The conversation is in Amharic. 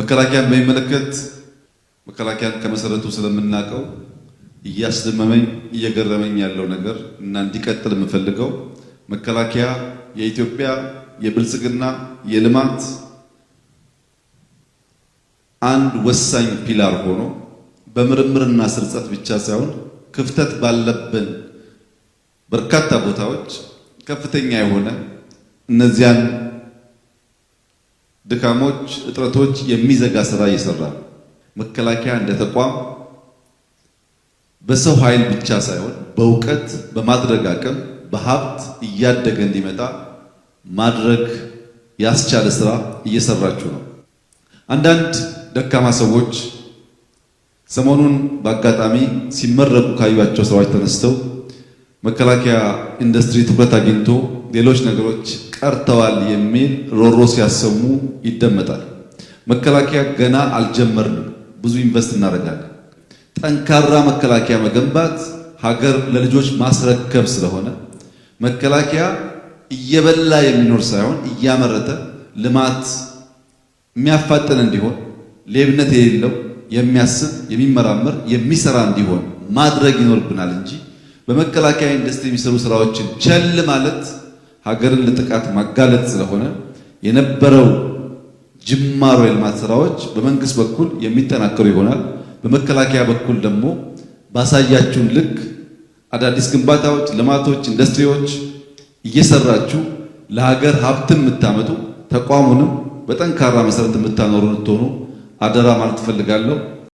መከላከያን በሚመለከት መከላከያን ከመሰረቱ ስለምናውቀው እያስደመመኝ እየገረመኝ ያለው ነገር እና እንዲቀጥል የምፈልገው መከላከያ የኢትዮጵያ የብልጽግና የልማት አንድ ወሳኝ ፒላር ሆኖ በምርምርና ስርጸት ብቻ ሳይሆን ክፍተት ባለብን በርካታ ቦታዎች ከፍተኛ የሆነ እነዚያን ድካሞች፣ እጥረቶች የሚዘጋ ስራ እየሰራ መከላከያ እንደ ተቋም በሰው ኃይል ብቻ ሳይሆን በእውቀት በማድረግ አቅም በሀብት እያደገ እንዲመጣ ማድረግ ያስቻለ ስራ እየሰራችሁ ነው። አንዳንድ ደካማ ሰዎች ሰሞኑን በአጋጣሚ ሲመረቁ ካዩቸው ሰዎች ተነስተው መከላከያ ኢንዱስትሪ ትኩረት አግኝቶ ሌሎች ነገሮች ቀርተዋል የሚል ሮሮ ሲያሰሙ ይደመጣል። መከላከያ ገና አልጀመርንም፣ ብዙ ኢንቨስት እናደርጋለን። ጠንካራ መከላከያ መገንባት ሀገር ለልጆች ማስረከብ ስለሆነ መከላከያ እየበላ የሚኖር ሳይሆን እያመረተ ልማት የሚያፋጥን እንዲሆን ሌብነት የሌለው የሚያስብ የሚመራመር የሚሰራ እንዲሆን ማድረግ ይኖርብናል እንጂ በመከላከያ ኢንዱስትሪ የሚሰሩ ስራዎችን ቸል ማለት ሀገርን ለጥቃት ማጋለጥ ስለሆነ የነበረው ጅማሮ የልማት ስራዎች በመንግስት በኩል የሚጠናከሩ ይሆናል። በመከላከያ በኩል ደግሞ ባሳያችሁን ልክ አዳዲስ ግንባታዎች፣ ልማቶች፣ ኢንዱስትሪዎች እየሰራችሁ ለሀገር ሀብትን የምታመጡ ተቋሙንም በጠንካራ መሰረት የምታኖሩ እንድትሆኑ አደራ ማለት ፈልጋለሁ።